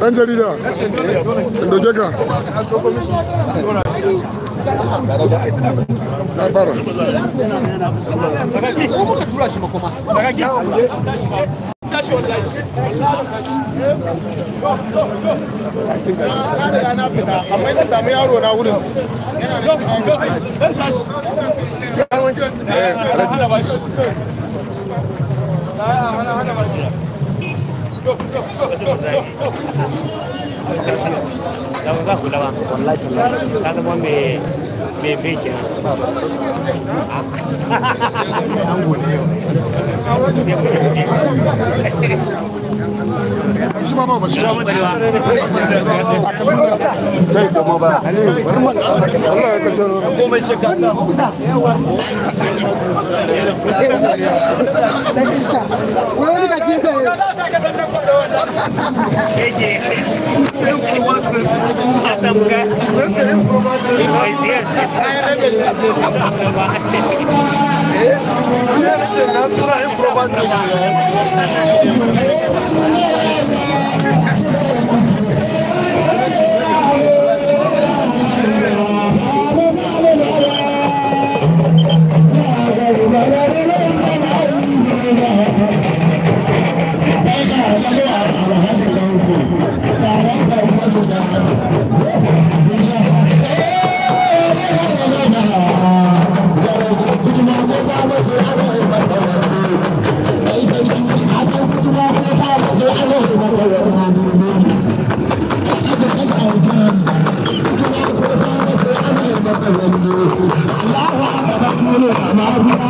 ɗan jarida in doke ka na bara amma ina samu na wurin lawan za ku improbable. Allahu Akbar, Allahu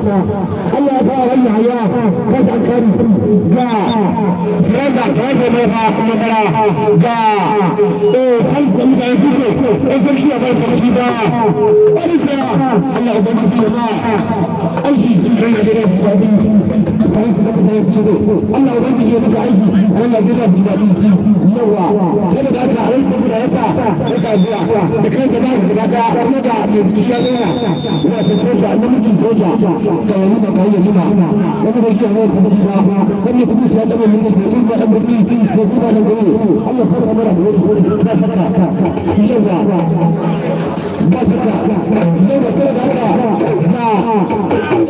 Allah ya fara wannan hanya ta dankari ga siranda ta yanke mai fa madara ga eh san da mutane suke in sarki ya bar sarki ba wani saya Allah ya ba aiki kan da dare ba da su shigo Allah ubangiji ya duka aiki wannan zai da ji daɗi yawa kada da ka rai saboda yaka yaka zuwa da kanka za ka gaba da kuma ga mai biki ya zauna ina san soja namiji soja ka yi ba ka yi lima wani da ke yawon kuma ba wani kuma shi ya ɗaga minti da kuma ɗan birni kuma ɗan gari Allah sarka mara da wani ba saka yawa ba saka yawa kada da haka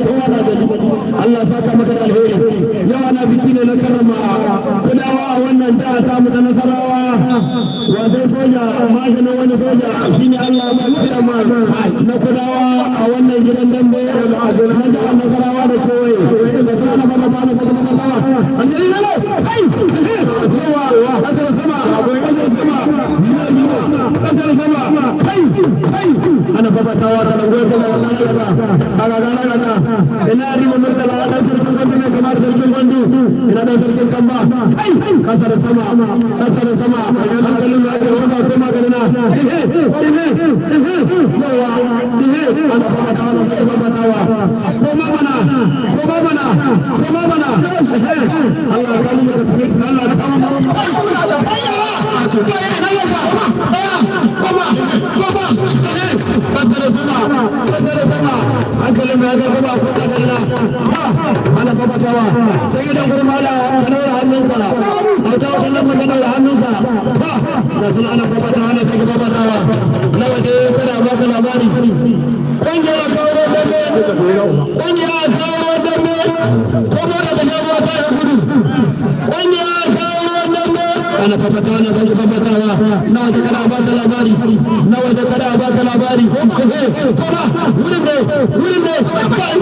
wannan kowa na Allah saka maka da alheri yau ana biki ne na karrama kudawa a wannan jiha ta mu ta nasarawa soja maganin wani soja shine Allah ya bada ma na kudawa a wannan gidan dambe nasarawa da kewaye da na ana fafatawa ta da goce da wannan yaba a ga gana gana murtala da sarkin gandu ne kamar sarkin gandu ina da sarkin kamba sama kasa sama hankalin da ma mana ko ma mana ko ma mana Allah ya kawo mu ka tafi Allah ya kawo mu ka tafi Allah ya kawo mu Ana ya ga gaba ko ta gana mala baba dawa sai gidan gurin mala ka daura hannunka auta kullum ka daura hannunka da sun ana baba dawa ana ta baba dawa na waje kana ba ka labari kungiya kawo dambe kungiya kawo dambe kuma da ta jawo ta ya gudu kungiya kawo dambe ana fafatawa na sake fafatawa na tana wurin ne wurin ne ba kai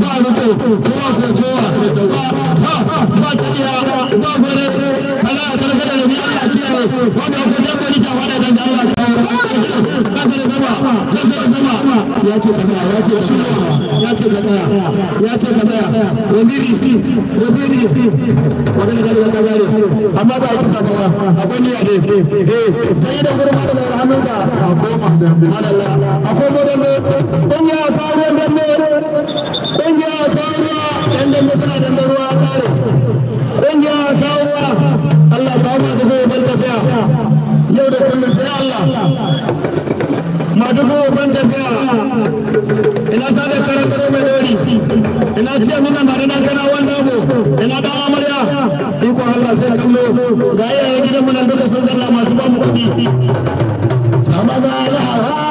ba ruko kuma ko cewa ba ha ba ta iya ba gore kana ya ce ka ya ce ka ya ce ka waziri waziri wani da gari ka gare amma ba ki saka akwai niyya ne eh da gurin da daga hannun ka akwai madalla akwai madalla dan ya faru dan ya faru dan dan suna dan ruwa kare dan ya faru Allah ba mu da zai bar tafiya yau da kullum sai Allah madugu ban tafiya ina sada karakaro mai dori ina ce muna mare na kana wanda mu ina dan amarya iko Allah sai kallo ga iyaye gidan mu nan duka sun zanna masu ba mu kuɗi sama ga Allah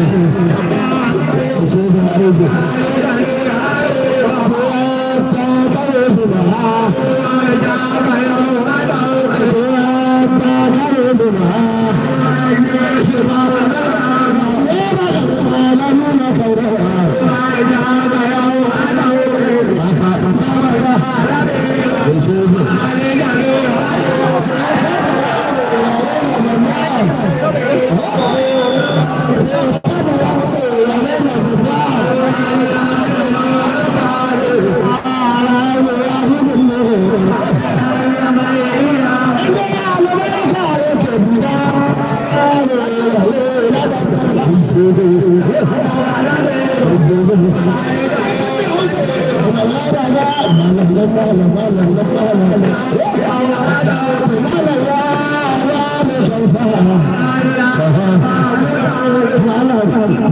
Thank é you.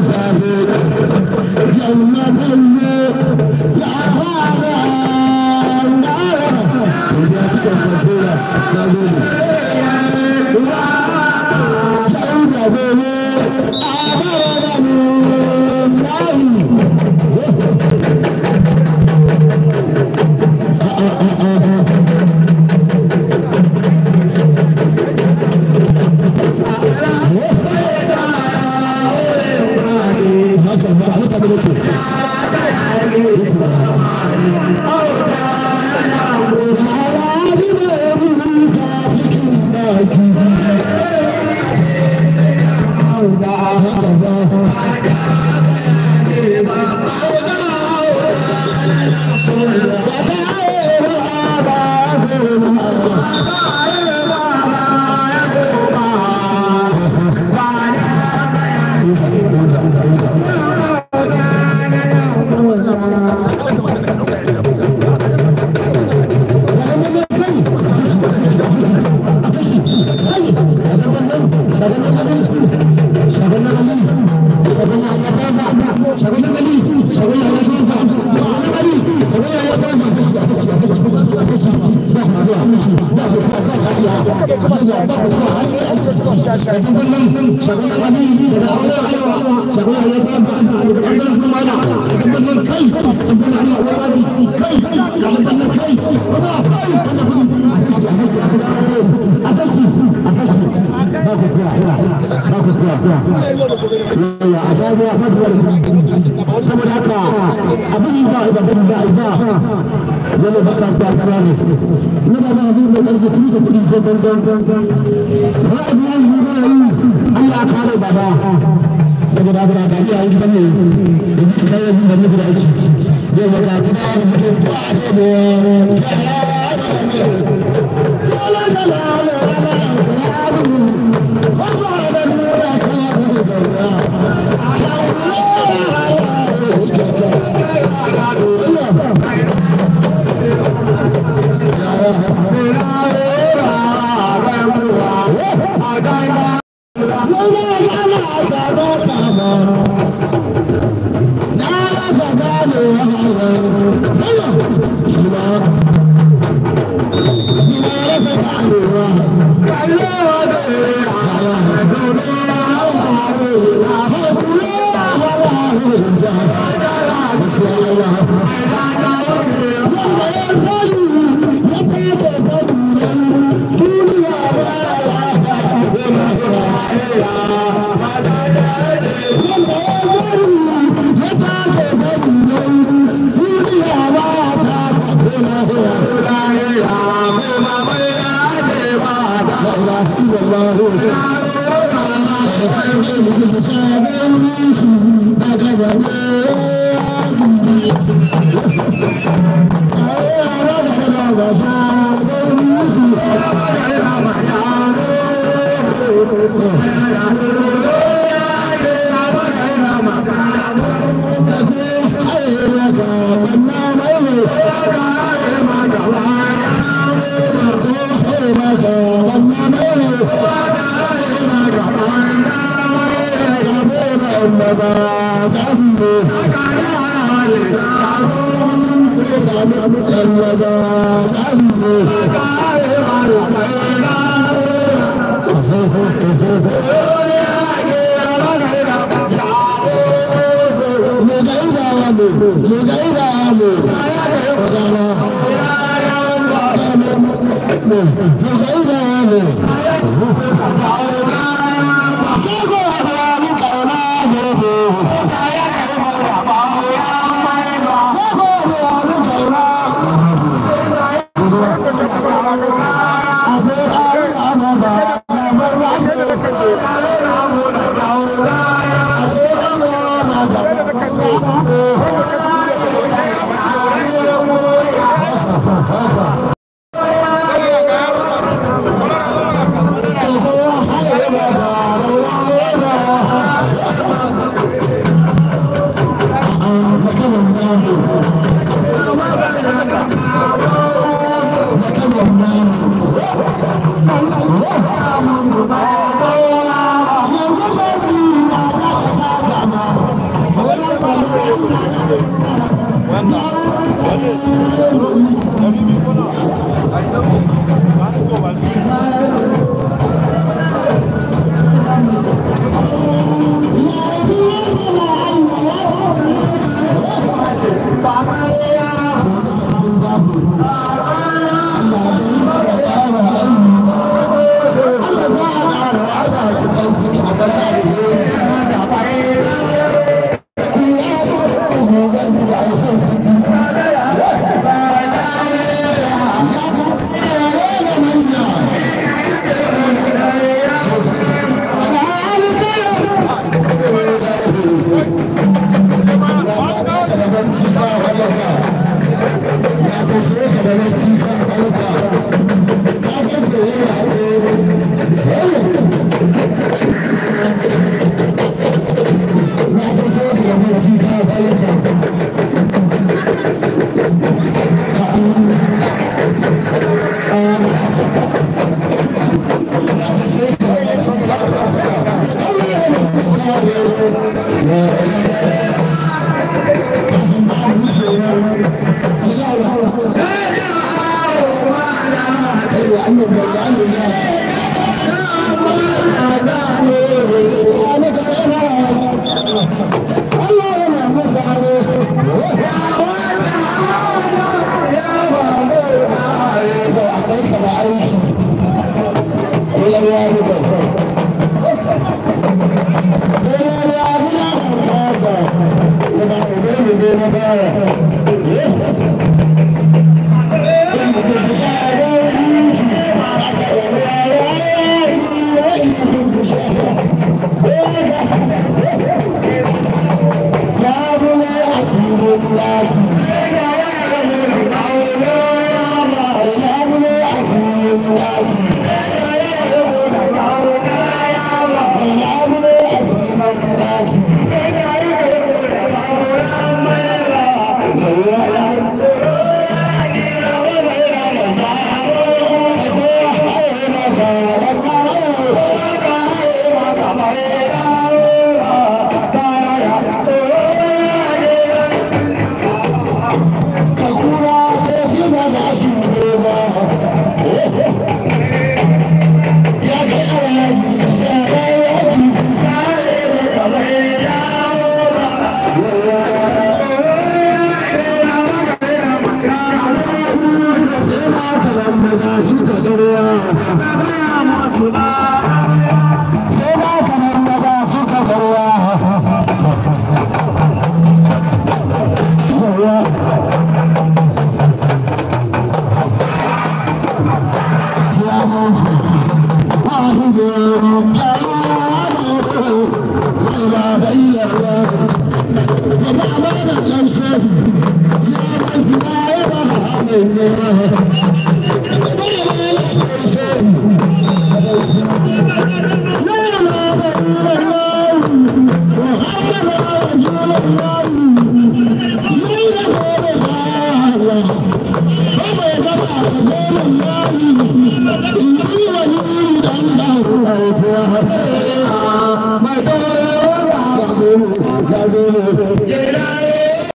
Rosa. الله a sabuwa fatuwar saboda haka abin ba ba ba kuri da kuri sai baba saboda haka ga iyayen gidan ne ba Gracias. Good life.